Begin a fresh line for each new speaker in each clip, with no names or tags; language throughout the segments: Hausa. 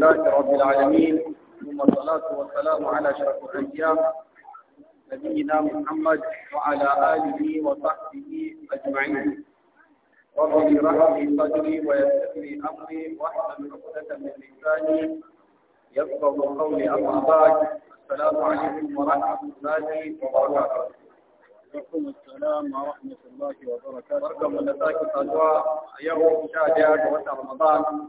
لله رب العالمين ثم الصلاة والسلام على شرف الأنبياء نبينا محمد وعلى آله وصحبه أجمعين رب يرحم صدري ويسر لي أمري واحلل عقدة من لساني يفقه قولي أما بعد السلام عليكم ورحمة الله وبركاته عليكم السلام
ورحمة الله وبركاته بركم الله الأجواء يوم شاجع
رمضان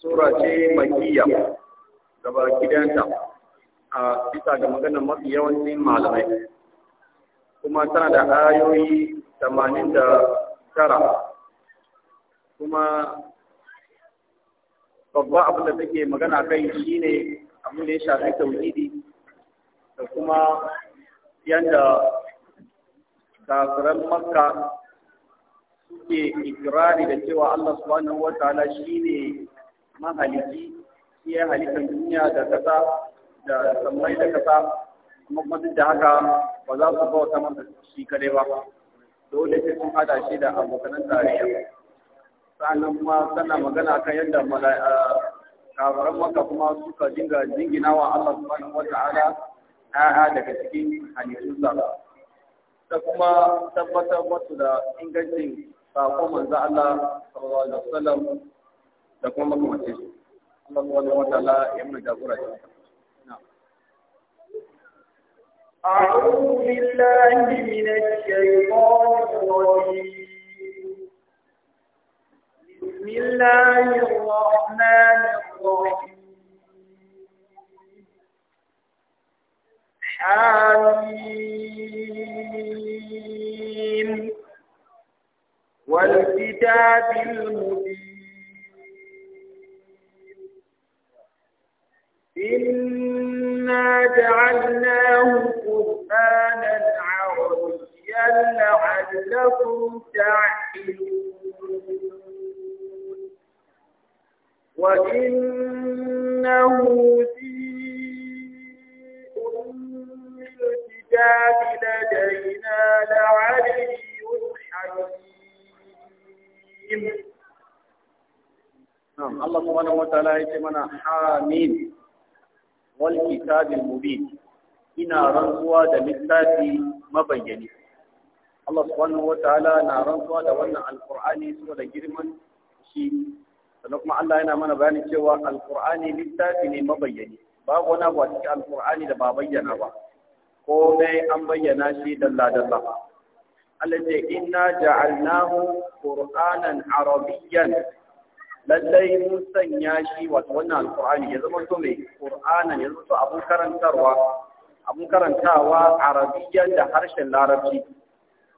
sura ce makiyya gaba gidanta a bisa ga maganar mafi yawancin malamai kuma tana da ayoyi tamanin da tara kuma babba abin da take magana kai shine abin da ya shafi tauhidi da kuma yadda kafiran makka suke ikirari da cewa Allah subhanahu wa ta'ala shine mahaliki shi ya halittar duniya da kasa da sammai da kasa kuma kuma da haka ba za su bauta masa shi kare ba dole sai sun hada shi da abokanan tarayya sannan kuma tana magana kan yadda kafaran maka kuma suka dinga jingina wa Allah subhanahu wa ta'ala a'a daga cikin halittunsa Ta kuma tabbatar musu da ingancin sakon manzo Allah sallallahu alaihi wasallam da kuma makamacin su Allah subhanahu wa ta'ala ya mun jagora shi
أعوذ بالله من الشيطان الرجيم بسم الله الرحمن الرحيم حميم والكتاب المبين إنا جعلناه قرآنا عربيا لعلكم تعقلون وإنه في أم الكتاب لدينا لعلي حكيم
الله سبحانه وتعالى يتمنى حامين wal kitabil mubin ina rantsuwa da littafi mabayyani Allah subhanahu wataala na rantsuwa da wannan suna da girman shi sannan kuma Allah yana mana bayanin cewa alqur'ani littafi ne mabayyani babu wani abu a cikin alqur'ani da ba bayyana ba komai an bayyana shi dalla dalla Allah ce inna ja'alnahu qur'anan arabiyyan lallai mun sanya shi wato wannan alkur'ani ya zama to mai qur'ana ya zama to abun karantarwa abun karantawa arabiyyan da harshen larabci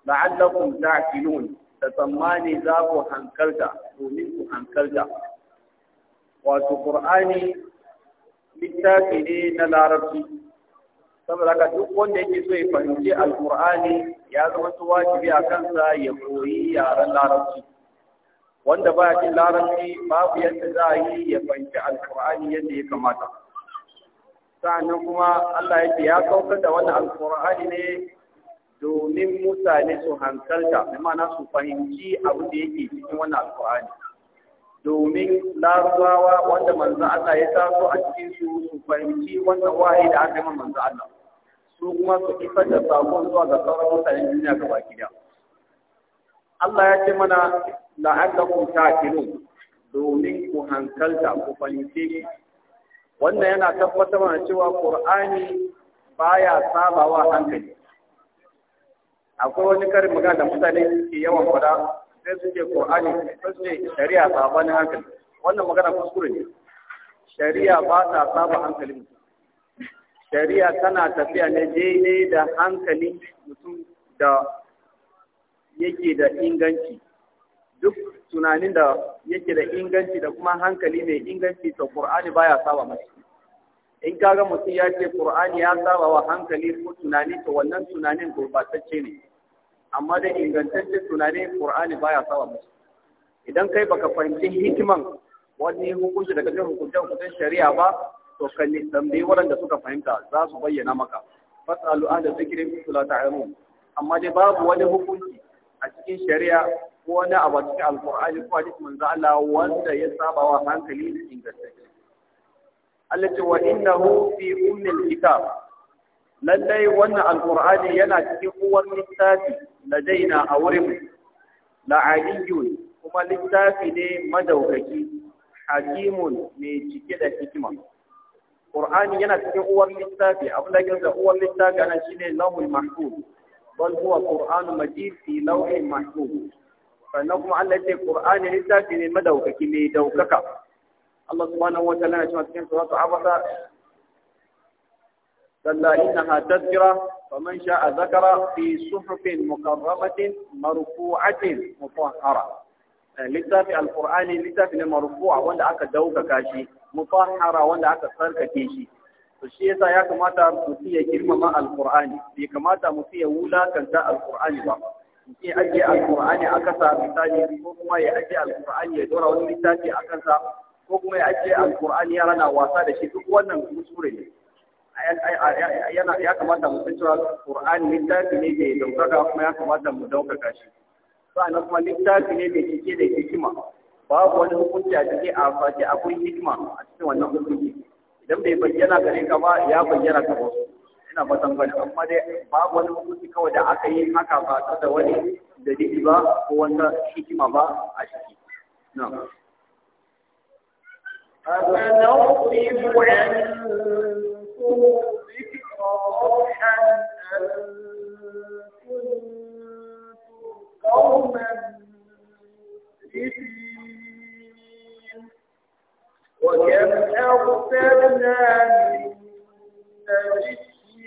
la'allakum ta'qilun da tsammani za ku hankalta domin ku hankalta wato qur'ani littafi ne na larabci saboda ka duk wanda yake so ya fahimci alkur'ani ya zama to wajibi a kansa ya koyi yaren larabci wanda ba ya larabci babu yadda za a yi ya fahimci alkur'ani yadda ya kamata sa'annan kuma Allah ya ce ya saukar da wannan alkur'ani ne domin mutane su hankalta da ma'ana su fahimci abin da yake cikin wannan alkur'ani domin larabawa wanda manzo Allah ya taso a cikin su su fahimci wannan wahayi da aka yi manzo Allah su kuma su isar da sakon zuwa ga sauran mutanen duniya gaba ki Allah ya ce mana la'allakum ta'qilun domin ku hankalta ku fahimce wannan yana tabbatar mana cewa Qur'ani baya sabawa hankali akwai wani karin magana da mutane suke yawan fada sai su ce Qur'ani sai su ce shari'a sabanin hankali wannan magana kuskure ne shari'a ba ta saba hankalin shari'a tana tafiya ne daidai da hankalin mutum da yake da inganci duk tunanin da yake da inganci da kuma hankali mai inganci to Qur'ani baya sawa masa in kaga mutum ya ce Qur'ani ya sawa wa hankali ko tunani to wannan tunanin gurbatacce ne amma da ingantacce tunani Qur'ani baya sawa masa idan kai baka fahimci hikiman wani hukunci daga cikin hukuncen hukuncen shari'a ba to kan tambayi waɗanda suka fahimta za su bayyana maka fasalu da zikrin kuntum la amma dai babu wani hukunci a cikin shari'a wani abu cikin alkur'ani ko hadisi manzo Allah wanda ya saba wa hankali da ingantacce
Allah ce wa innahu
fi ummil kitab
lallai wannan alkur'ani yana cikin
uwar littafi ladaina a wurin la'aliyun kuma littafi ne madaukaki hakimun mai cike da hikima Qur'ani yana cikin uwar littafi abin da ke uwar littafi ana shine launin mahfuz bal huwa qur'anun majid fi lauhin mahfuz sannan kuma Allah ya ce Qur'ani littafi ne madaukaki ne daukaka Allah subhanahu wa ta'ala ya ce cikin suratu Abasa kalla innaha tadhkira faman sha'a zakara fi suhufin mukarramatin marfu'atin mutahhara eh, littafi alqur'ani littafi ne marfu'a wanda aka daukaka shi mutahhara wanda aka sarkake shi to shi yasa ya kamata mutum ya girmama alqur'ani bai kamata mutum ya wulakanta alqur'ani ba ya ajiye alkur'ani a kasa misali ko kuma ya ajiye alkur'ani ya dora wani littafi a kansa ko kuma ya ajiye alkur'ani ya rana wasa da shi duk wannan kuskure ne ya kamata mu san cewa alkur'ani littafi ne mai daukaka kuma ya kamata mu daukaka shi sannan kuma littafi ne mai cike da hikima babu wani hukunci a cikin a akwai hikima a cikin wannan hukunci idan bai bayyana gare ka ba ya bayyana ka ba ina fatan bane amma dai babu wani hukunci kawai da aka yi haka ba ta da wani dalili ba ko wata hikima ba a ciki na
أَفَنَضْرِبُ عَنْكُمُ الذِّكْرَ صَرْحًا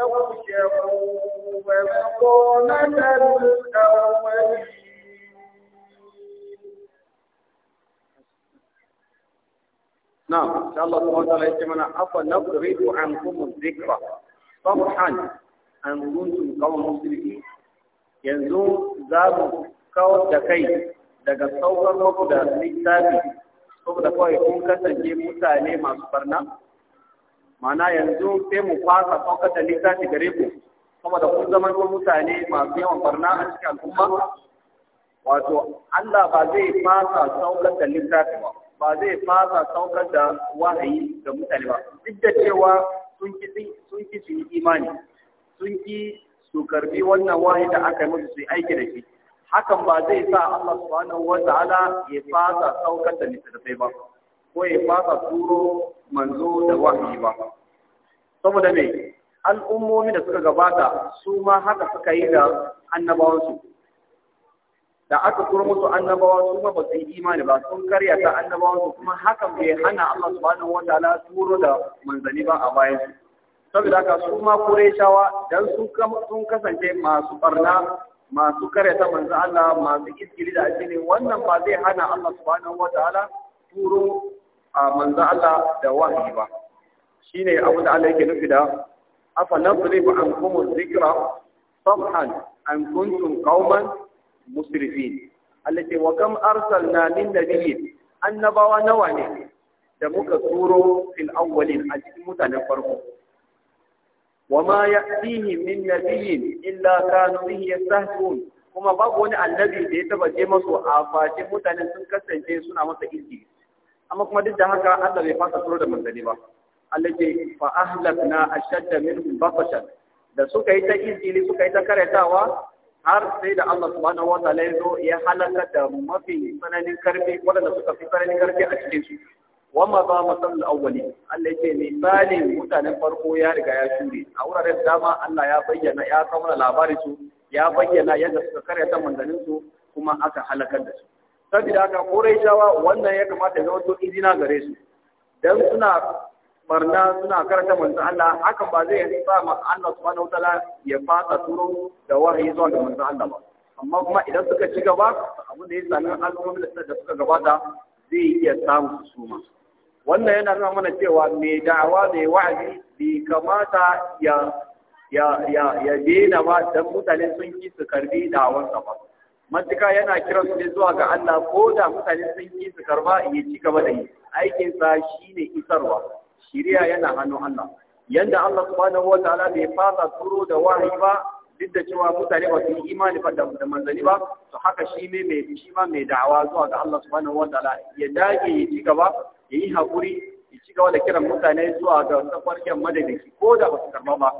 أوجعوا وبطانة الأولين
نعم إن شاء الله سبحانه وتعالى يجمعنا أفا نضرب عنكم الذكرى صبحا أن كنتم قوم مسلمين yanzu za mu kawar da kai daga saukar muku da littafi saboda kawai kun kasance mutane masu barna mana yanzu sai mu fasa saukar da littafi gare ku saboda kun zama ko mutane masu yawan barna a cikin al'umma wato Allah ba zai fasa saukar da littafi ba ba zai fasa saukar da wahayi ga mutane ba duk da cewa sun ki sun ki su yi imani sun ki su karbi wannan wahayi da aka yi musu su aiki da shi hakan ba zai sa Allah subhanahu wa ta'ala ya fasa saukar da littafi ba ko ya fasa turo manzo da wahayi ba saboda me al'ummomi da suka gabata su ma haka suka yi da annabawansu da aka turo musu annabawa su ma ba su yi imani ba sun karya ta annabawansu kuma hakan bai hana Allah subhanahu wataala turo da manzani ba a bayan su saboda haka su ma kureshawa dan sun kasance masu barna masu karyata manzo Allah masu iskiri da addini wannan ba zai hana Allah subhanahu wataala turo a manzan Allah da wahayi ba shi ne abin da Allah yake nufi da afa nasrif an kuma zikra sabhan an kuntum qauman musrifin Allah ce wa kam arsalna min nabiyyin annabawa nawa ne da muka turo fil awwalin a cikin mutanen farko wa ma ya'tihi min nabiyyin illa kanu bihi yastahzi'un kuma babu wani annabi da ya taba je masu a mutanen sun kasance suna masa izini amma kuma duk da haka Allah bai fasa turo da manzanni ba Allah ke fa ahlakna ashadda min batashan da suka yi ta izini suka yi ta karatawa har sai da Allah subhanahu wa ta'ala ya zo ya halaka da mafi tsananin karfi waɗanda suka fi tsananin karfi a cikin su wa ma ba masal awwali Allah ce misalin mutanen farko ya riga ya shure a wuraren dama Allah ya bayyana ya kawo labarin su ya bayyana yadda suka karyata manzannin kuma aka halakar da su saboda haka shawa wannan ya kamata ya zama izina gare su dan suna barna suna karanta manzo Allah hakan ba zai yi sa ma Allah subhanahu wataala ya fasa turo da wahayi zuwa ga manzo Allah ba amma kuma idan suka ci gaba abin da ya sami al'ummomin da suka gabata zai iya samu su suma wannan yana nuna mana cewa mai da'awa mai wa'azi bai kamata ya ya ya ya daina ba dan mutane sun ki su karbi ka ba matuka yana kiran su ne zuwa ga Allah ko da mutane sun yi su karba ya ci gaba da yi aikin sa shine isarwa shiriya yana hannun Allah yanda Allah subhanahu Ta'ala bai fasa turo da wahayi ba duk da cewa mutane ba su yi imani ba da manzani ba to haka shi ne mai shi ma mai da'awa zuwa ga Allah subhanahu Ta'ala. ya dage ya ci gaba ya yi hakuri ya ci gaba da kiran mutane zuwa ga tafarkin madadaki ko da ba su karba ba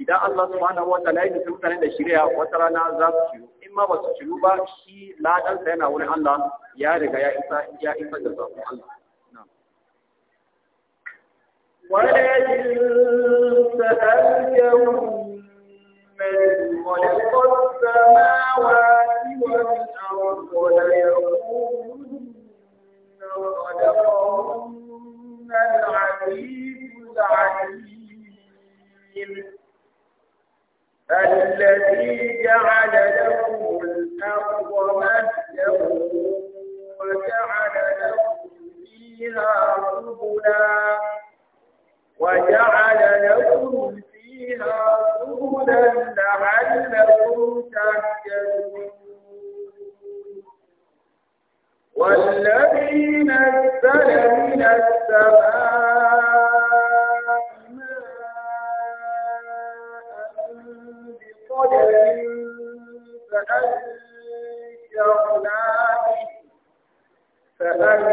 idan Allah subhanahu Ta'ala ya nufi mutane da shiriya wata rana za su shiru ma ba su shiru ba shi ladansa yana wurin Allah ya riga ya isa ya isa da zafin Allah
ولئن سألتهم من خلق السماوات والأرض ليقولن خلقهن العزيز العليم
الذي جعل لكم
الأرض مهدا وجعل لكم فيها سبلا وجعل لكم فيها سبلا لعلكم تهتدون والذي نزل من السماء فأنشرنا فأنشرنا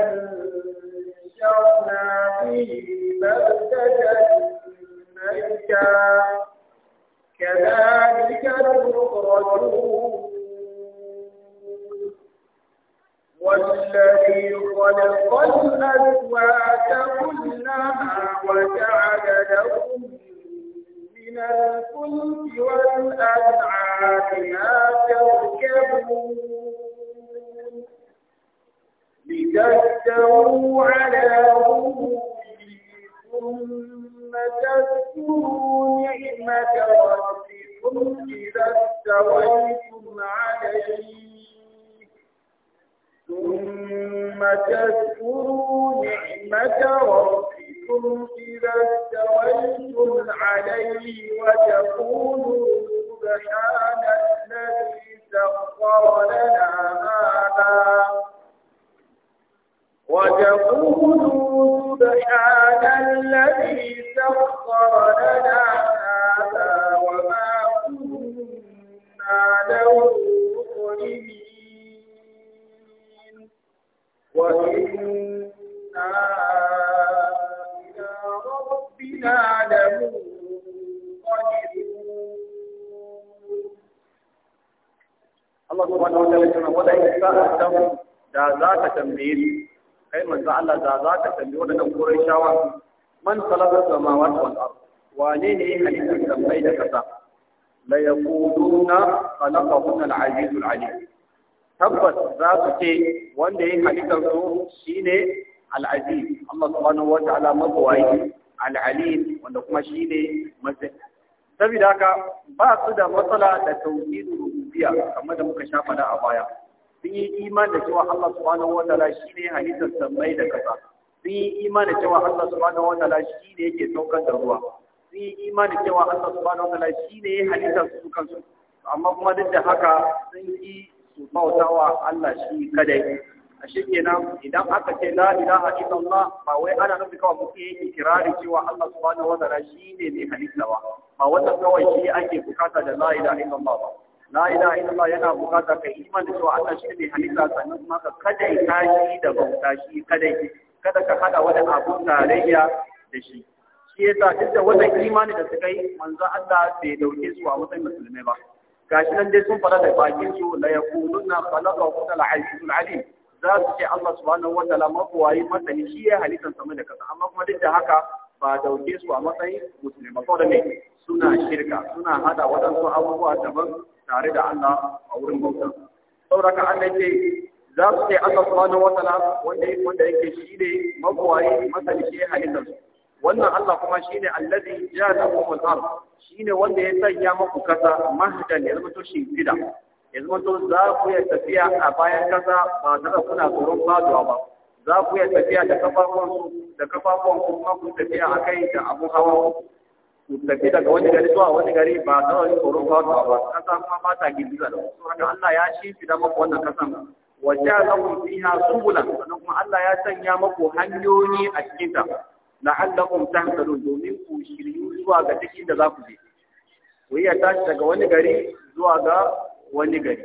كذلك والذي خلق الأزواج كلها وجعل الأنعام ما تركبون لتستووا على ثم ثم تذكروا نعمة ربكم إذا استويتم عليه وتقولوا سبحان الذي سخر لنا هذا وما كنا وإنا إلى ربنا لمؤمنون
Allah subhanahu wa ta'ala ya ce wala yasa'u da za ka tambaye su kai manzo Allah da za ka tambaye wadannan Qurayshawa man salaka samawati wal ard wane ne halittar sammai da kasa la yaquluna khalaqahunna al aziz al alim tabbas za su ce wanda ya halittar su shine al aziz Allah subhanahu wa ta'ala mabawai al alim wanda kuma shine saboda haka ba su da matsala da tauhidin rububiyya kamar da muka shafa da a baya sun yi iman da cewa Allah subhanahu wataala shine halittar sammai da kasa sun yi iman da cewa Allah subhanahu wataala shine yake saukar da ruwa sun yi iman da cewa Allah subhanahu wataala shine halittar su kansu amma kuma duk da haka sun yi su bautawa Allah shi kadai a shi idan aka ce la ilaha illallah ba wai ana nufin kawai muke yin ikirari cewa Allah subhanahu wa ta'ala shine mai halitta ba ba wata kawai shi ake bukata da la ilaha illallah ba la ilaha illallah yana bukata kai iman da cewa Allah halitta sannan kuma ka kada ka shi da bauta shi kada kada ka hada wani abu tarayya da shi shi yasa duk da wannan imani da suka yi manzo Allah bai dauke su a matsayin musulmai ba gashi nan dai sun fara da bakin su la yakununa khalaqa al-azizul alim za su ce Allah subhanahu wataala mabuwayi masani shi ya halittar sama da kasa amma kuma duk da haka ba dauke su a matsayin musulma ko da ne suna shirka suna hada waɗansu abubuwa daban tare da Allah a wurin bauta saboda ka Allah ce za su ce Allah subhanahu wataala wanda wanda yake shi ne mabuwayi masani shi ya halittar wannan Allah kuma shine allazi ja'ala lakum al-ard shine wanda ya sanya muku kasa mahdan ya zama to shimfida yanzu to za ku iya tafiya a bayan kasa ba tare kuna tsoron faduwa ba za ku iya tafiya da kafafuwan da kafafuwan kuma ku tafiya a kai da abu hawa ku tafi daga wani gari zuwa wani gari ba tare da tsoron faduwa ba kasa kuma ba ta gidi da su haka Allah ya shi fida maku wannan kasan wa ja'alakum fiha subula sannan kuma Allah ya sanya maku hanyoyi a cikin ta la'allakum tahtadun domin ku shiryu zuwa ga cikin da za ku je ku iya tashi daga wani gari zuwa ga wani gari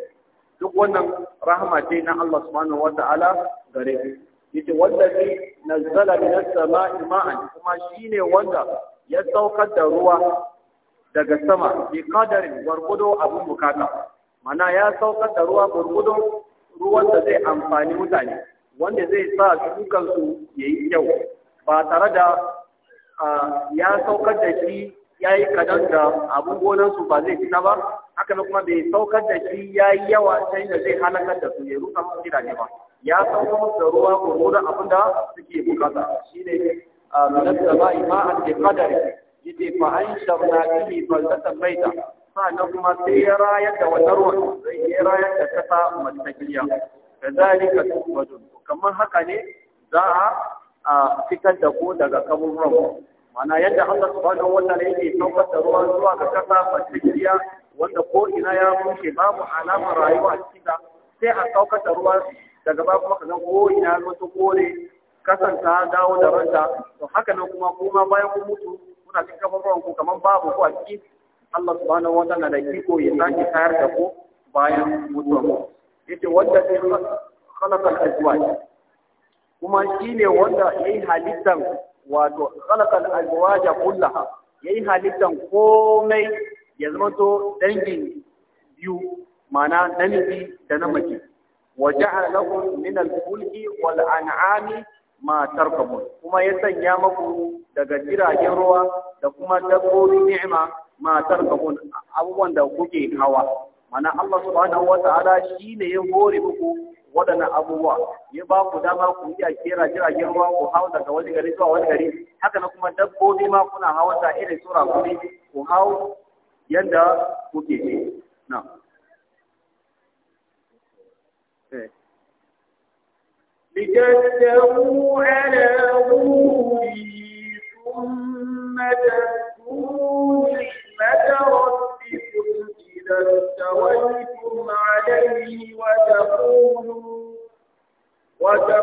duk wannan rahama ce na Allah subhanahu wata'ala gare ku yace wallazi nazzala minas sama'i ma'an kuma shine wanda ya saukar da ruwa daga sama bi qadarin warqudu abin bukata mana ya saukar da ruwa warqudu ruwan da zai amfani mutane wanda zai sa shukan su yayi kyau ba tare da ah, ya saukar da shi ya yi kadan da abin gonansu ba zai fita ba haka na kuma bai saukar da shi ya yi yawa sai da zai halakar da su ya rusa musu ne ba ya saukar musu da ruwa ruwa abin da suke bukata shi ne a minas da ba'i ma an ke kadari ya ce fa an shabna bihi faldatan baita sannan kuma sai ya rayar da wata ruwan zai ya rayar da kasa matakiliya da zalika tukwadun kamar haka ne za a fitar da ko daga kaburran mana yadda Allah subhanahu wa ta'ala yake saukar da ruwan zuwa ga kasa fatiriya wanda ko ina ya bushe babu alamar rayuwa a cikin sai a saukar da ruwan daga ba kuma kaga ko ina wato kore kasan ta dawo da ranta to haka nan kuma kuma bayan ku mutu kuna cikin ruwan ku kamar babu ku a ciki Allah subhanahu wa ta'ala da kiko ya sake tayar da ku bayan mutuwa ku yace wanda sai khalaqal azwaj kuma shine wanda yayi halittan wato khalaqal azwaja kullaha yayi halittan komai ya zama to dangin biyu ma'ana namiji da namiji. mace wa ja'ala lakum min al-fulki wal an'ami ma tarkabun kuma ya sanya maku daga jiragen ruwa da kuma dabbobi ni'ima ma tarkabun abubuwan da kuke hawa mana Allah subhanahu wa ta'ala shine ya hore muku waɗannan abubuwa ya ba ku dama ku yi a kera jiragen ruwa ku hau daga wani gari zuwa wani gari haka na kuma dabbobi ma kuna hawa ta irin sura kuri ku hau yadda kuke ne na eh. لتستووا
على ظهوره ثم تذكروا نعمة ربكم إذا استويتم da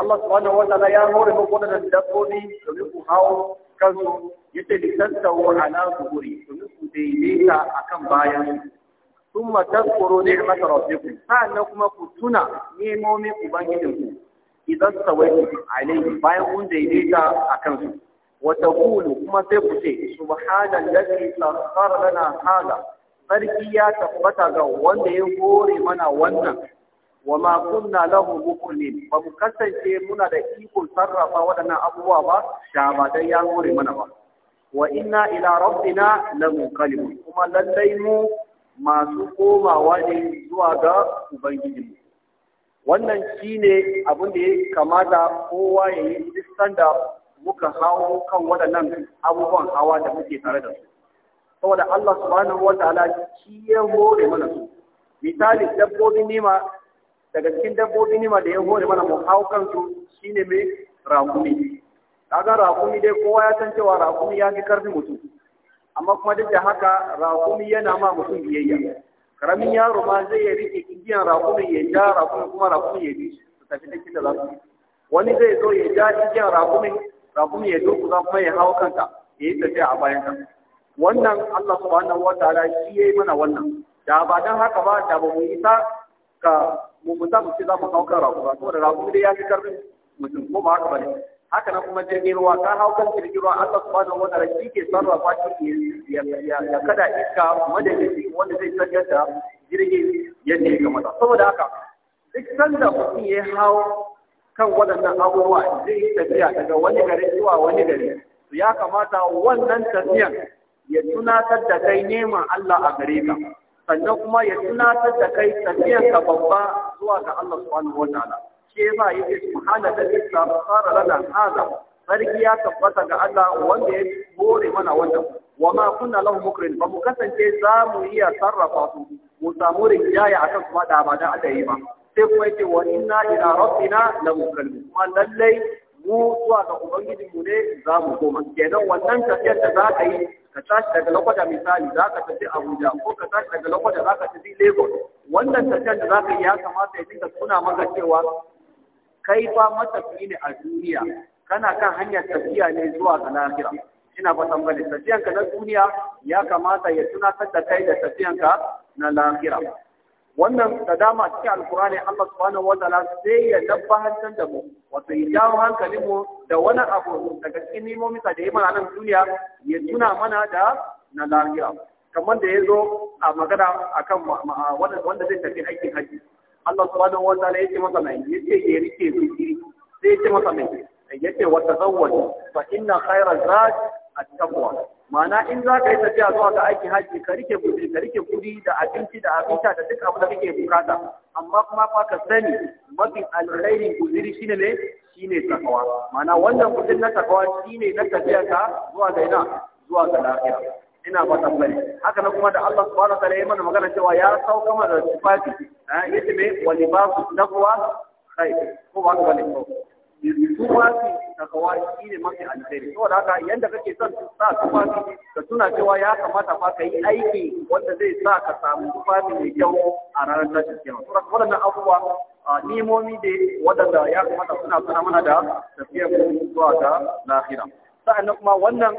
Allah subhanahu wa ta'ala ya nuna mu kuma da dabbobi da ku hau. kansu yace li tasawu ala zuhuri domin daidaita akan bayan su. thumma tadhkuru ni'mat rabbikum na kuma ku tuna nemomin ubangijinku idan sawaitu alaihi bayan kun daidaita akan su wa taqulu kuma sai ku ce subhanallazi sakhkhara lana hada sarki ya tabbata ga wanda ya hore mana wannan wa ma kunna lahu muqrinin ba mu kasance muna da ikon sarrafa waɗannan abubuwa ba da ba dai ya hore mana ba wa inna ila rabbina lamunqalibun kuma lallai mu masu komawa ne zuwa ga ubangijinmu wannan shine abin da ya kamata kowa ya yi duk sanda muka hawo kan waɗannan abubuwan hawa da muke tare da su saboda Allah subhanahu wa ta'ala shi ya hore mana su misali dabbobin nema daga cikin dabbobi nima da ya hore mana mu hau kansu ne mai rakumi kaga rakumi dai kowa ya san cewa rakumi ya fi karfi mutum amma kuma duk da haka rakumi yana ma mutum biyayya karamin yaro ma zai ya rike igiyan rakumin ya ja rakumin kuma rakumin ya bi su tafi cikin da zasu wani zai zo ya ja igiyan rakumin rakumin ya durkusa kuma ya hau kanka ya yi tafiya a bayan ka wannan Allah subhanahu wata shi yayi mana wannan da ba dan haka ba da ba mu isa ka mu mun za mu hau kan saboda raƙuma dai ya fi karfin mutum ko ba haka ba ne haka nan kuma jirgin ruwa ka hau kan jirgin ruwa Allah subhanahu wa ta'ala shi ke sarrafa shi ke ya kada iska madadin wanda zai sanya da jirgin yadda ya kamata saboda haka duk sanda mutum ya hau kan waɗannan abubuwa zai yi tafiya daga wani gari zuwa wani gari ya kamata wannan tafiyan ya tunatar da kai neman Allah a gare ka sannan kuma ya tunatar da kai tafiyar ka babba zuwa ga Allah subhanahu wataala shi yasa yake subhana da isa fara lana hada sarki ya tabbata ga Allah wanda ya bore mana wannan wa ma kunna lahu mukrin ba mu kasance za mu iya sarrafa su mu samu rinjaya akan kuma da ba da Allah yi ba sai kuma yake wa inna ila rabbina la mukallu kuma lallai mu zuwa ga ubangijinmu ne za mu koma kenan wannan tafiyar da za ka yi ka tashi daga lokwata misali za ka tafi abuja ko ka tashi daga lokwata za ka tafi lagos wannan tafiyar da za ka yi ya kamata ya dinga suna maka cewa kai fa matafi ne a duniya kana kan hanyar tafiya ne zuwa ga lahira ina ba san bane tafiyanka na duniya ya kamata ya tunatar da kai da tafiyanka na lahira wannan da dama cikin alkurani Allah subhanahu wa ta'ala sai ya dabba nabbatar da mu wato ya jawo hankalin mu da wani abu daga cikin nimomin da ya mana nan duniya ya tuna mana da na lafiya kamar da ya zo a magana akan wanda zai tafi aikin haji Allah subhanahu wa ta'ala yace masa mai yace ya rike su sai yace masa mai yace wa tazawwaj fa inna khayra zad attaqwa ma'ana in za ka yi tafiya zuwa ga aiki haji ka rike kudi ka rike kudi da abinci da abinta da duk abin da kake bukata amma kuma fa ka sani mafi alkhairin guziri shine ne shine takwa ma'ana wannan kudin na takwa shine na tafiya ka zuwa ga ina zuwa ga lafiya ina ba tambari haka na kuma da Allah subhanahu wa ta'ala ya mana magana cewa ya sauka mana da tufafi eh yace me walibasu takwa khair ko ba ka bane tufafi da kawai shi ne mafi alheri saboda haka yanda kake son sa tufafi ka tuna cewa ya kamata fa ka yi aiki wanda zai sa ka samu tufafi mai kyau a ranar tashin kiyama saboda waɗannan abubuwa nimomi ne waɗanda ya kamata suna suna mana da tafiyar mu zuwa ga lahira sa'annan kuma wannan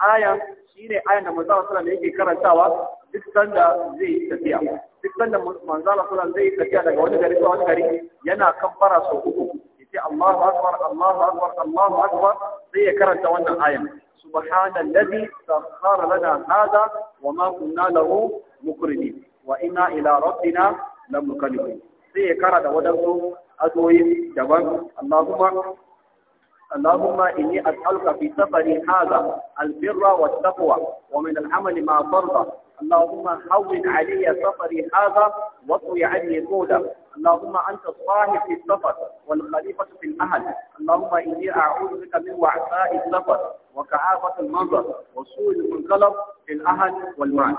ayan shi ne ayan da manzo sallallahu alaihi yake karantawa duk sanda zai tafiya duk sanda manzo sallallahu alaihi zai tafiya daga wani gari zuwa wani gari yana kan sau uku ce Allahu akbar Allahu akbar Allahu akbar sai ya karanta wannan ayan subhanallazi sakhkhara lana hada wa ma kunna lahu wa inna ila rabbina lamunqalibun sai ya karanta wadansu azoyi daban Allahumma اللهم إني أسألك في سفري هذا البر والتقوى ومن العمل ما فرض اللهم هون علي سفري هذا واطوي عني طوله اللهم أنت الصاحب في السفر والخليفة في الأهل اللهم إني أعوذ بك من وعثاء السفر وكعافة المنظر وسوء المنقلب في الأهل والمال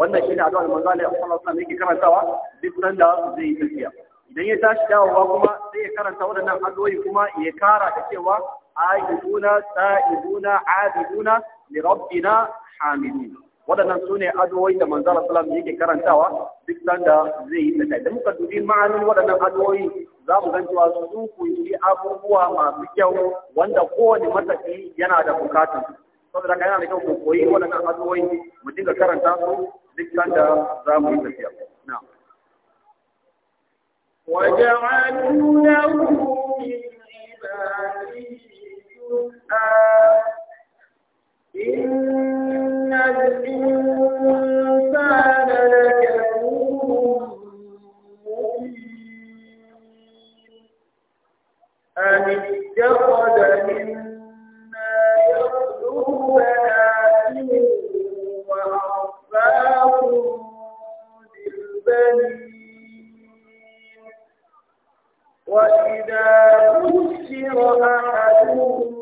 wannan shi ne addu'ar manzo Allah sallallahu alaihi wasallam yake karantawa duk nan da zai yi tafiya idan ya tashi dawowa kuma sai ya karanta wadannan addu'o'i kuma ya kara da cewa ayyuna sa'iduna abiduna li rabbina hamidin waɗannan su ne adowai da manzara salam yake karantawa duk sanda zai yi tafiya da muka dubi ma'anin waɗannan adowai za mu gan cewa su kunshi abubuwa masu kyau wanda kowane matafi yana da bukata saboda ka yana da kyau ku koyi waɗannan adowai mu dinga karanta su duk sanda za mu yi tafiya na'am وجعلوا له من عباده
إن الإنسان لكفور أن اتخذ مما يخلق بنات وأصفاكم بالبنين وإذا بشر أحدهم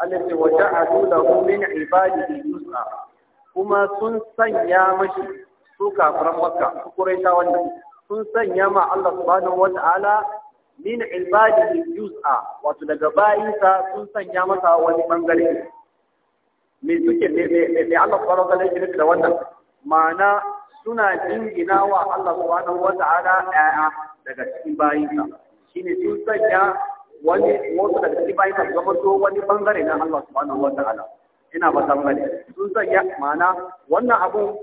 Allah ce waje a lahu min ibadihi juz'a kuma sun sanya mashi su kafiran Makka su Quraisha wannan sun sanya ma Allah subhanahu wata'ala min ibadihi juz'a wato daga bayinsa sun sanya masa wani bangare me suke me me me Allah subhanahu wata'ala yake da wannan ma'ana suna jingina wa Allah subhanahu wata'ala ɗaya daga cikin bayinsa shine sun sanya wani wasu daga cikin bayan ka zama to wani bangare na Allah subhanahu wataala ina ba bangare sun sanya ma'ana wannan abu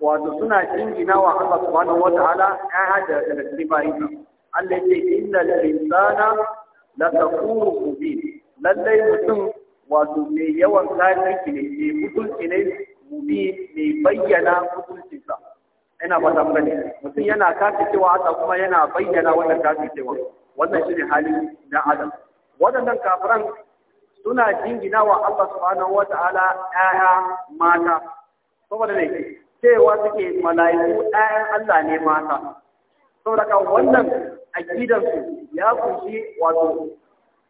wato suna jingina wa Allah subhanahu wataala ya da daga cikin bayan ka Allah ya ce innal insana la takuru mubin lallai mutum wato mai yawan kafirci ne mai mutunci ne mubin mai bayyana mutuncinsa ina ba bangare mutum yana kafircewa haka kuma yana bayyana wannan kafircewa wannan shine halin dan adam waɗannan kafiran suna jingina wa Allah subhanahu ta'ala ƴaƴa mata saboda ne cewa suke mala'iku ɗayan Allah ne mata saboda ka wannan aqidan su ya kunshi wato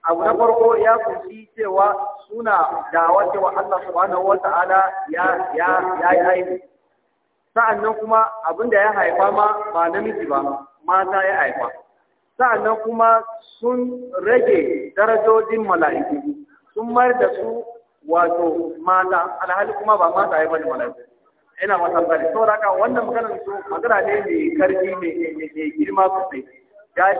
abu na farko ya kunshi cewa suna dawar cewa Allah subhanahu ta'ala ya ya ya yi sa'annan kuma abinda ya haifa ma ba namiji ba mata ya haifa sa'annan kuma sun rage darajojin mala'iku sun mayar da su wato mata alhali kuma ba mata ya bane mala'iku ina mata bane saboda haka wannan maganar su magana ne mai karfi mai girma sosai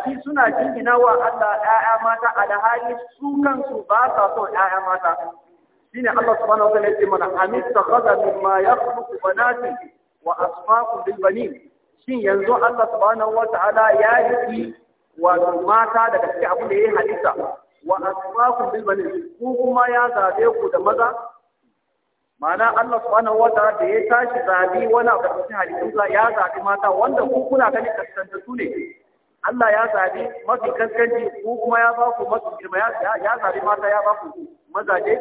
shi suna jingina wa Allah 'ya'ya mata alhali su kansu ba sa son 'ya'ya mata shine Allah subhanahu wa ta'ala ya ce mana amittakhadha mimma yakhluqu banati wa asma'u bil banin shin yanzu Allah subhanahu wa ta'ala ya yi wato mata daga cikin abin da ya yi halitta wa asmakum bil banin ku kuma ya zabe ku da maza ma'ana Allah subhanahu wa ta'ala da ya tashi zabi wani abu da cikin halittun ya zabi mata wanda ku kuna gani kaskanta su ne Allah ya zabi mafi kaskanci ku kuma ya ba ku mafi girma ya zabi mata ya ba ku mazaje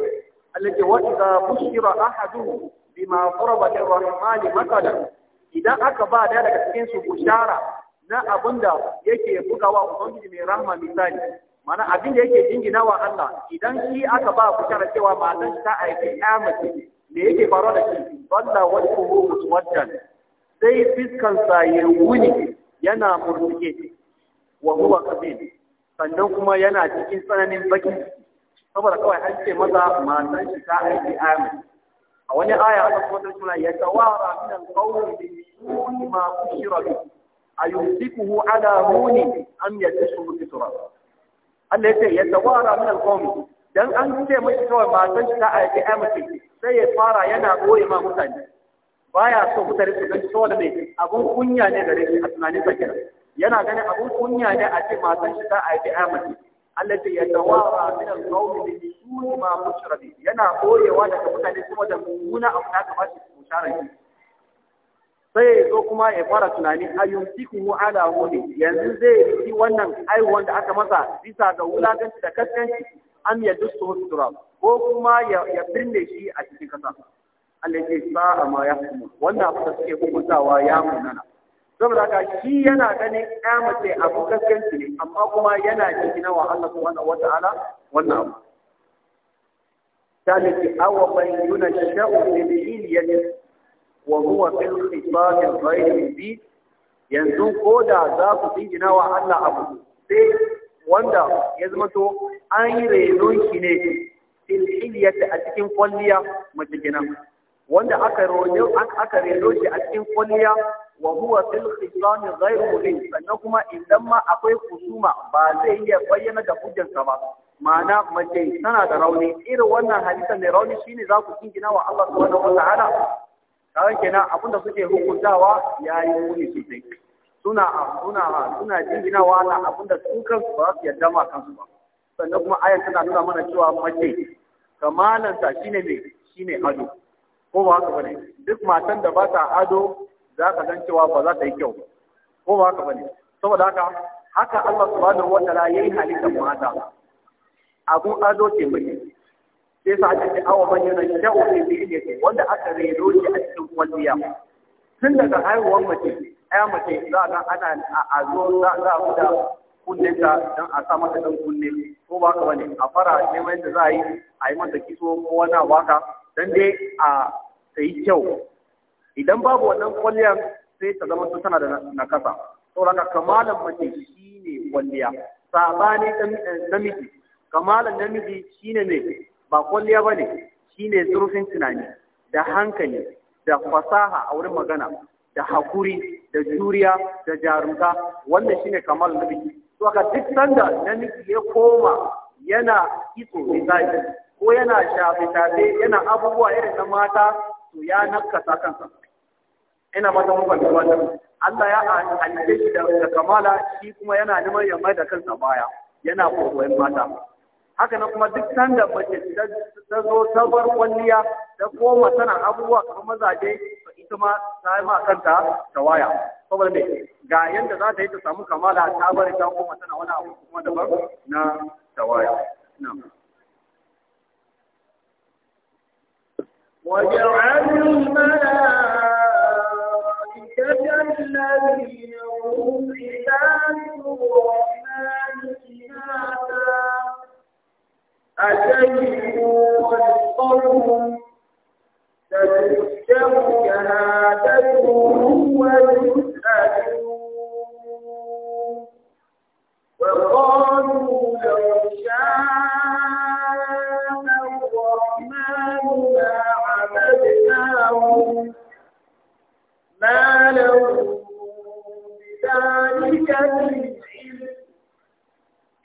Allah ke wa idza bushira ahadu bima qurba lirrahmani matalan idan aka ba da daga cikin su bushara na abinda yake bugawa ubangiji mai rahma misali mana abin abinda yake jingina wa Allah idan shi aka ba ku tara cewa matan ta aiki ya mace me yake faruwa da shi balla wajhuhu wajen. sai fiskan sa ya wuni yana murtuke wa huwa qabil sannan kuma yana cikin tsananin baki saboda kawai an ce maza matan shi ta aiki ya mace
a wani aya aka
kuma ta ya yatawara min bi ma ayumsikuhu ala huni am yatisu bi turab Allah yace ya tawara min alqawmi dan an ce mai kawai matan shi ta aiki amsi sai ya fara yana koyi ma mutane baya so mutane su gani saboda mai abun kunya ne gare shi a tunanin sa kenan yana ganin abun kunya ne a ce matan shi ta aiki amsi Allah yace ya tawara min alqawmi bi su'i ma mushrabi yana koyewa daga mutane kuma da mummuna abu da aka ba shi musharar sai ya zo kuma ya fara tunani a mu ala hudi yanzu zai riki wannan aiwon da aka masa bisa ga wulaganci da kaskanci am ya dusu sutura ko kuma ya birne shi a cikin kasa Allah ya sa'a ma ya kuma. wannan abu da suke hukuntawa ya munana saboda ka shi yana ganin ya mace abu kaskanci ne amma kuma yana jikina wa Allah subhanahu wata'ala wannan abu ta ne awa bayyana sha'u bi ilmiyyati wa huwa fil khitab ghayr bi yanzu ko da za ku dingina wa Allah abu sai wanda ya zama to an yi renon shi ne fil hilyati a cikin kwalliya mace kenan wanda aka reno aka reno shi a cikin kwalliya wa huwa fil khisami ghayr mubin sannan kuma idan ma akwai kusuma ba zai iya bayyana da hujjarsa ba ma'ana mace tana da rauni irin wannan halittar mai rauni shine za ku jingina wa Allah subhanahu wa ta'ala kawai kenan abinda suke hukuntawa ya yi wuni sosai suna suna suna jinginawa na abinda su kansu ba su yarda ma kansu ba sannan kuma ayan tana nuna mana cewa mace Kamanansa shine ne shine ado ko ba haka bane duk matan da ba ta ado za ka san cewa ba za ta yi kyau ko ba haka bane saboda haka haka Allah subhanahu wa ta'ala yayi halitta mata Abu ado ke mai sai sa ake awa man kyau ne ne wanda aka rero shi a cikin kwalliya tun daga haihuwar mace ɗaya mace za a ana a zo za a da kunnen don a sa mata ɗan kunne ko ba ka bane a fara neman da za a yi a yi mata kiso ko wani abu haka dai a sayi kyau idan babu wannan kwalliyar sai ta zama tana da nakasa saboda kamalan mace shine kwalliya sabani namiji kamalan namiji shine ne ba kwalliya ba ne shi ne zurfin tunani da hankali da fasaha a wurin magana da hakuri da juriya da jarumta wannan shine kamal nabi to ga duk sanda namiji ya koma yana kitso misali ko yana shafe shafe yana abubuwa irin na mata to ya nakasa kansa ina mata mun fahimci wannan Allah ya halice shi da kamala shi kuma yana neman ya mai da kansa baya yana koyon mata haka na kuma duk sanda mace ta zo ta bar kwalliya ta koma tana abubuwa kamar mazaje to ita ma ta yi ma kanta ta waya saboda me ga yanda za ta yi ta samu kamala ta bar ta koma tana wani abu kuma daban na ta waya
وجعل الملائكة الذين هم عباد الرحمن إناثا أتيبوا خلقهم تتكتب شهادتهم ويسألون وقالوا لو شاء الرحمن ما عبدناهم ما لهم بذلك من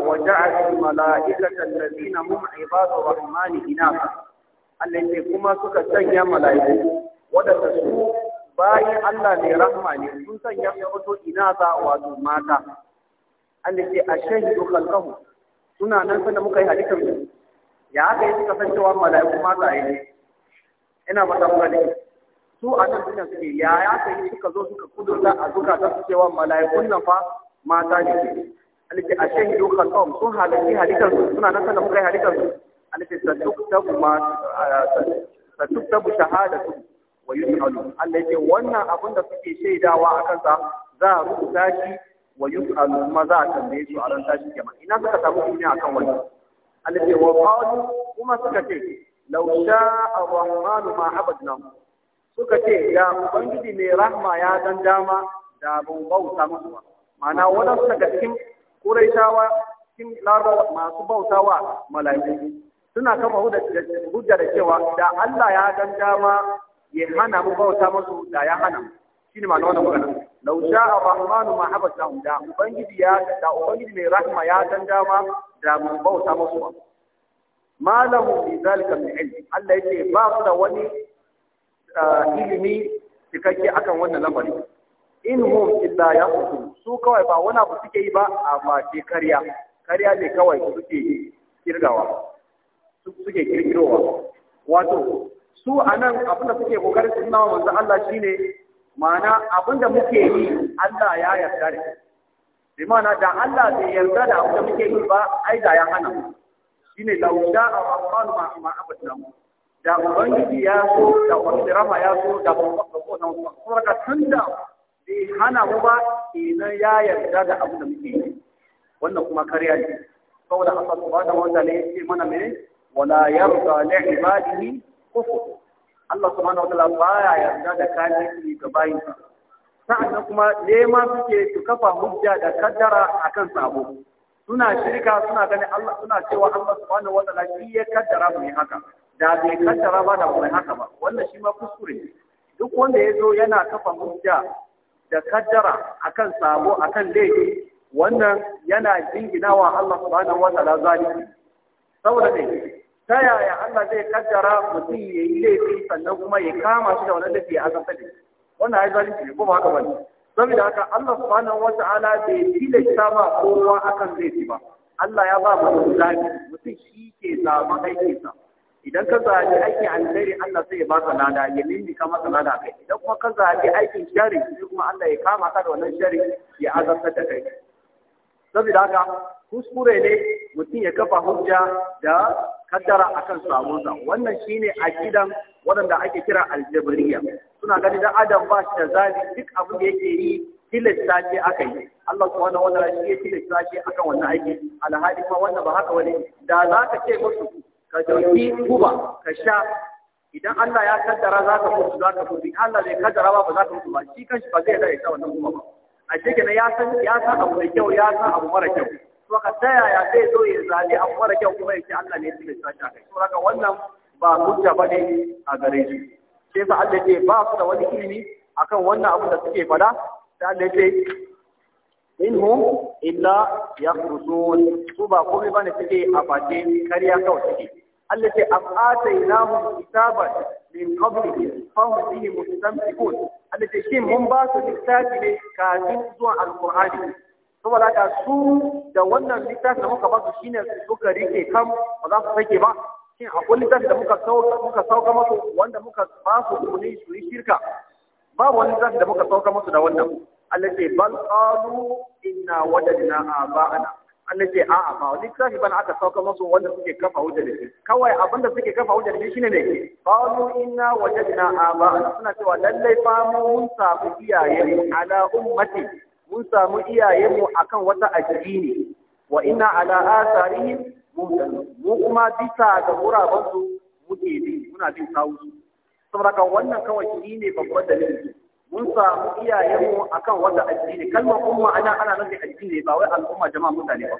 وجعل الملائكة الذين هم عباد الرحمن إناثا الذي كما سكتن ملائكة ودتسو bayan Allah mai rahma ne sun sanya wato ina za wato mata allati ashhadu khalqahu suna nan sanda muka yi hadisin su ya aka yi su a nan suna suke ya ya suka zo suka kudurta a zukata su cewa mala'ikun nan fa mata ne alifi a shan yiwu sun halitti halittar su suna nan sanar kai halittar su alifi sattuk tabu shahadatu wa yi sunalu Allah ce wannan abin da suke shaidawa a kansa za a rubuta shi wa yi sunalu kuma za a tambaye su a ran tashi kyamar ina suka samu duniya a kan wani alifi wa ƙalu kuma suka ce lausha a rahmanu ma abadnan suka ce ya ubangiji mai rahma ya dan dama da bau bauta musu ma'ana wadansu suka cikin Quraishawa cikin larabawa masu bautawa mala'iku suna kama hujja da cewa da Allah ya gan dama ya hana mu bauta musu da ya hana shi ne ma'ana wani magana Lausha a rahmanu ma habata da ubangiji ya da ubangiji mai rahma ya gan dama da mu bauta musu ma Malamu bi zalika min ilm Allah yake ba su da wani ah, ilimi cikakke akan wannan lamarin in hum illa yaqulu su kawai ba wani abu suke yi ba amma ce kariya kariya ne kawai suke kirgawa suke kirkirowa wato su anan abin da suke kokarin su nawa manzo Allah shine ma'ana abin da muke yi Allah ya yarda da bi ma'ana da Allah bai yarda da abin da muke yi ba ai da ya hana shine da wuta a rahman ma ma abadna da ubangiji ya so da wani rama ya so da ba ko na ko ka tunda hana mu ba kenan ya yarda da abu da muke yi wannan kuma kariya ne saboda Allah subhanahu wa ta'ala ya ce mana mene wala yarda li ibadihi kufur Allah subhanahu wa ta'ala baya yarda da ne ga bayin sa'annan kuma nema suke su kafa hujja da kaddara akan sabo suna shirka suna ganin Allah suna cewa Allah subhanahu wa ta'ala shi ya kaddara mu haka da bai kaddara ba da mu haka ba wannan shi ma kuskure duk wanda ya zo yana kafa hujja da kaddara akan sabo akan laifi wannan yana jinginawa Allah subhanahu wataala zalimi saboda ne ta yaya Allah zai kaddara mutum ya yi laifi sannan kuma ya kama shi da wani laifi a kan sani wannan ai zalunci ne kuma haka bane saboda haka Allah subhanahu wataala bai tilasta ba kowa akan laifi ba Allah ya ba mutum zabi mutum shi ke zama aikinsa idan ka zaɓi aikin alheri Allah sai ya ba ka lada ya nemi ka masa lada kai idan kuma ka zaɓi aikin shari sai kuma Allah ya kama ka da wannan shari ya azabtar da kai saboda haka kuskure ne mutum ya kafa hujja da kaddara akan samunsa wannan shine akidan waɗanda ake kira aljabariya suna gani dan adam ba shi da zabi duk abin da yake yi tilasta ce aka yi Allah subhanahu wa ta'ala shi ya tilasta ce akan wannan aiki alhali ma wannan ba haka wani da za ka ce musu ka dauki guba ka sha idan Allah ya kaddara za ka mutu za ka mutu idan Allah bai kaddara ba ba za ka mutu ba shi kanshi ba zai da ita wannan kuma ba a cikin ya san ya san abu mai kyau ya san abu mara kyau to ka taya ya zai zo ya zali abu mara kyau kuma ya ce Allah ne ya tilasta shi akai saboda wannan ba hujja bane a gare shi sai fa Allah ya ce ba su da wani ilimi akan wannan abu da suke fada
sai Allah ya ce
In minhum illa ya yakhrusun su ba komai bane suke a face kariya kawai suke Allah ce am atainahum kitaban min qablihi fahum bihi mustamsikun Allah ce shin mun ba su littafi ne kafin zuwa alqur'ani saboda ka su da wannan littafin da muka ba su shine suka rike kam ba za su sake ba shin akwai littafin da muka sauka muka sauka musu wanda muka ba su umarni su yi shirka babu wani littafin da muka sauka musu da wannan Allah ce bal qalu inna wajadna aba'ana Allah ce a'a ba wani kafi ban aka sauka musu wanda suke kafa hujja da kawai abinda suke kafa hujja da shi shine ne qalu inna wajadna aba'ana suna cewa lallai fa mun samu iyaye ala ummati mun samu iyayenmu akan wata addini wa inna ala atharihim mu kuma bisa ga gurabansu muke bi muna bin sawu saboda wannan kawai shi ne babban dalilin mun samu iyayenmu akan wata addini kalmar umma ana ana nufin addini ba wai al'umma jama'a mutane ba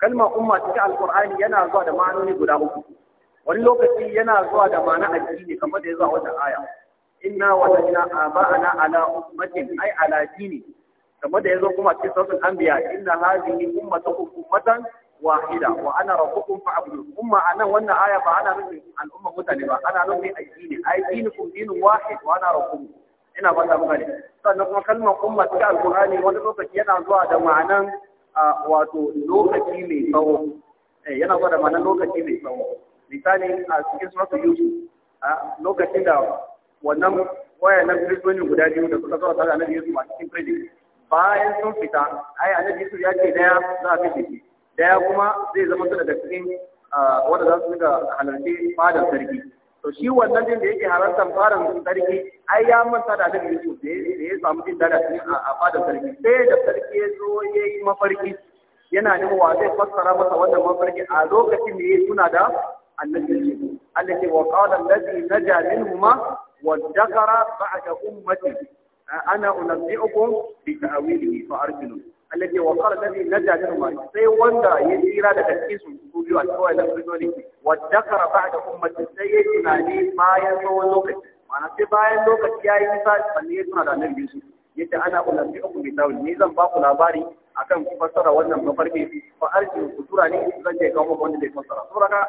kalmar umma cikin alqur'ani yana zuwa da ma'anoni guda uku wani lokaci yana zuwa da ma'ana addini kamar da ya zuwa wata aya inna wajadna aba'ana ala ummatin ay ala dini kamar da ya zo kuma cikin sautin anbiya inna hadhihi ummatukum ummatan wahida wa ana rabbukum fa'budu umma anan wannan aya ba ana nufin al'umma mutane ba ana nufin addini ay dinukum dinun wahid wa ana rabbukum ina ba ta bukari sannan kuma kalmar umma ta alkur'ani wani lokaci yana zuwa da ma'anan wato lokaci mai tsawo eh, yana zuwa da ma'anan lokaci mai tsawo misali a cikin suratul yusuf a lokacin da wannan wayannan kristoni guda biyu da suka zuwa tare da annabi yusuf a cikin prison bayan sun fita ai annabi yusuf ya ce daya za a kashe shi daya kuma zai zama su daga cikin wanda za su ga halarci fadar sarki to shi wannan din da yake halartar farin sarki ai ya manta da annabi Yusuf da ya samu din dada a fadar sarki sai da sarki ya zo ya yi mafarki yana nemo wa zai fassara masa wannan mafarki a lokacin da ya suna da annabi Yusuf Allah na wa qala allazi naja minhuma wa dakara ba'da ummati ana unabbi'ukum bi ta'wilihi fa arsilun alladhi wa qala alladhi naja minhum sai wanda ya tsira daga cikin su su biyu a cikin wannan sunoni wa dakara ba'da ummati sai ya tunani bayan tsawon lokaci ma'ana sai bayan lokaci yayi nisa sanne ya tuna da annabi Yusuf Yadda ana ulanti uku bi tawli ni zan ba ku labari akan fassara wannan mafarki fa arji kutura ne zan je ga kuma wanda zai fassara saboda ka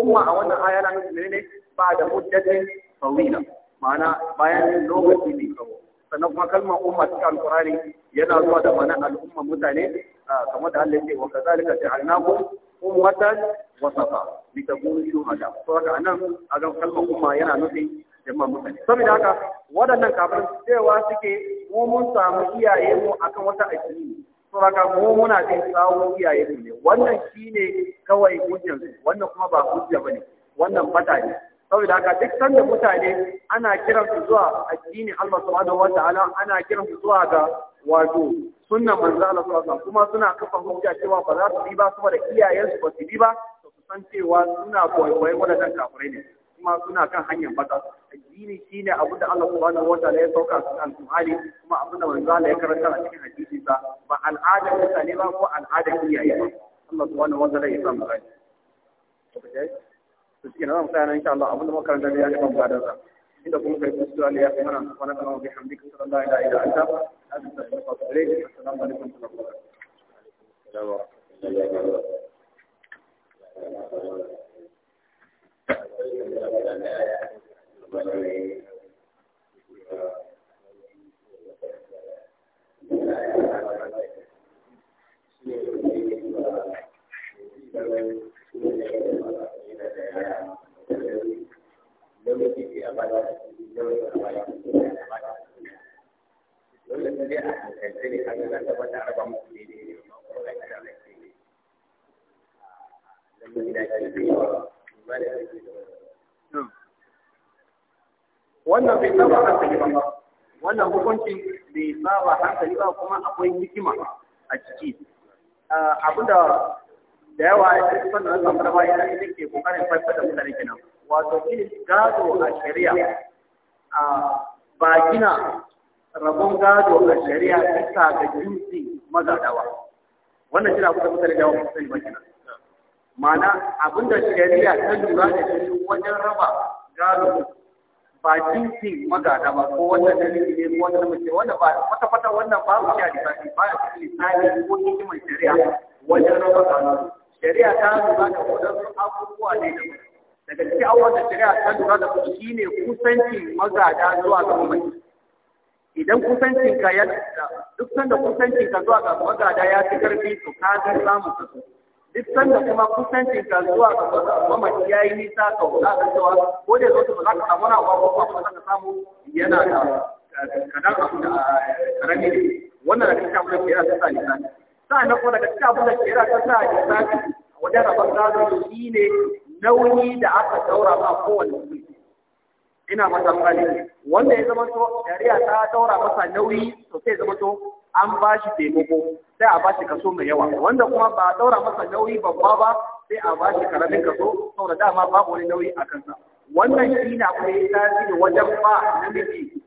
umma a wannan aya na nufin ne ba da muddatin tawila ma'ana bayan lokaci mai tsawo sannan kuma kalmar umma cikin alkurani yana zuwa da mana al'umma mutane kamar da Allah ce wa kazalika ja'alnakum ummatan wasata litakunu shuhada to haka anan a ga kalmar umma yana nufin jama'a mutane saboda haka waɗannan kafin cewa suke mu mun samu iyaye mu akan wata addini to haka mu muna jin sawo iyaye mu ne wannan shine kawai hujjar wannan kuma ba hujja bane wannan fata ne saboda haka duk sanda mutane ana kiran su zuwa addini Allah subhanahu wataala ana kiran su zuwa ga wato sunnan manzo Allah sallallahu kuma suna kafa hujja cewa ba za su bi ba saboda iyayen su ba su bi ba to su san cewa suna koyi wadannan kafirai ne kuma suna kan hanyar bata addini shine abu da Allah subhanahu wataala ya sauka su hali kuma abu da manzo Allah ya karanta a cikin hadisi ba ba al'adar mutane ba ko al'adar iyaye ba Allah subhanahu wataala ya samu rai ina zan tsaya insha Allah abinda muka ne ya ga badan sa inda kuma kai kuskure ne ya fi mana wani kalama bi hamdika sallallahu alaihi
wa sallam astaghfiruka wa atubu assalamu alaikum wa rahmatullahi
kuma akwai hikima a ciki abinda da yawa ya fi da samu da bayan da ke kokarin faifar da mutane kenan wato shi gado a shari'a ba gina rabon gado a shari'a bisa ga jinsi wa. wannan shi na kusa mutane da yawa sani ba kenan
ma'ana abinda shari'a ta lura da shi wajen raba
gado ba jinsi magana ba ko wata dalili ne ko wata mace wanda ba kwata kwata wannan ba mu shari ba ba ya cikin lissafi ko hikimar shari'a wajen raba gano shari'a ta lura da wadansu abubuwa ne da daga cikin abubuwan da shari'a ta lura da su shine kusanci magada zuwa ga mamaci idan kusancin ka ya duk sanda kusancin ka zuwa ga magada ya fi karfi to ka san samun kaso duk sanda kuma kusancin ka zuwa ga kuma ya yi nisa ka kula da cewa ko da zo ba za ka samu na ba ko ba za ka samu yana da kadan abu da karami ne wannan da cikin abin da ke rasa sa lissafi na kuma daga cikin abin da ke rasa sa a wajen rabon gado shi ne nauyi da aka daura ma kowane mutum ina masa misali wanda ya zama to shari'a ta daura masa nauyi to sai zama to an ba shi taimako sai a ba shi kaso mai yawa wanda kuma ba a daura masa nauyi babba ba sai a ba shi karamin kaso saboda dama babu wani nauyi a kansa wannan shi na kuma yi tasiri wajen ba namiji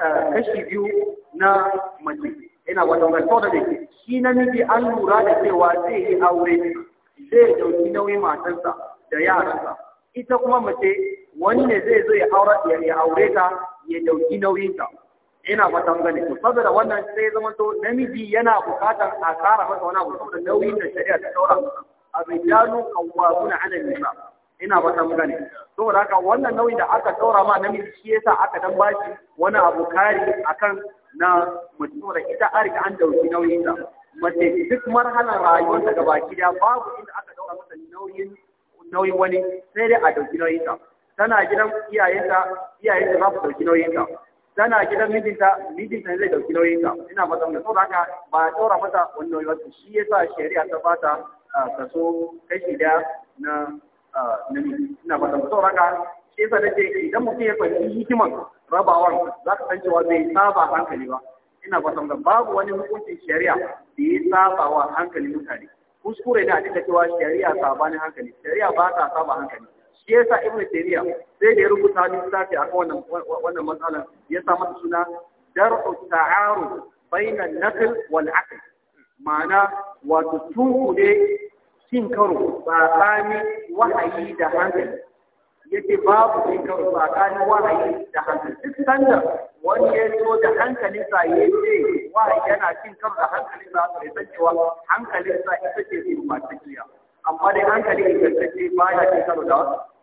eh, kashi biyu na mace ina wajen ga saboda ne shi namiji an lura da cewa zai yi aure zai dauki nauyin matarsa da yaransa ita kuma mace wani ne zai zo ya aure ta ya dauki nauyinta ina fata mun gane to saboda wannan sai zaman to namiji yana bukatar a kara masa wani abu saboda nauyin da shari'a ta daura a rijalu qawwamuna 'ala nisa ina fata mun gane saboda haka wannan nauyin da aka daura ma namiji shi yasa aka dan bashi wani abu kari akan na mutum da ita an riga an dauki nauyin ta mace duk marhalan rayuwar daga baki da babu inda aka daura masa nauyin nauyin wani sai dai a dauki nauyin ta tana gidan iyayenta iyayenta za su dauki nauyin ta tana gidan mijinta mijinta zai dauki nauyin ka ina fata mun saboda haka ba daura mata wani nauyi ba shi yasa shari'a ta bata ah, kaso kashi da na ah, na ina fata mun saboda haka shi yasa nace idan mutum ya fahimci hikiman rabawan za ka san cewa bai saba hankali ba ina fata mun babu wani hukuncin shari'a da ya saba wa hankalin mutane kuskure ne a cewa shari'a sabanin hankali shari'a ba ta saba hankali shi yasa ibnu tayyiba sai da ya rubuta littafi a wannan wannan matsalan ya sa masa suna dar'u ta'aru baina an-naql wal aql ma'ana wato tunkude cin karo tsakanin wahayi da hankali yake babu cin karo tsakanin wahayi da hankali duk sanda wani ya zo da sa ya ce wahayi yana cin karo da sa ya san cewa sa ita ce su masu kiliya amma dai hankali ingantacce ba ya cin karo da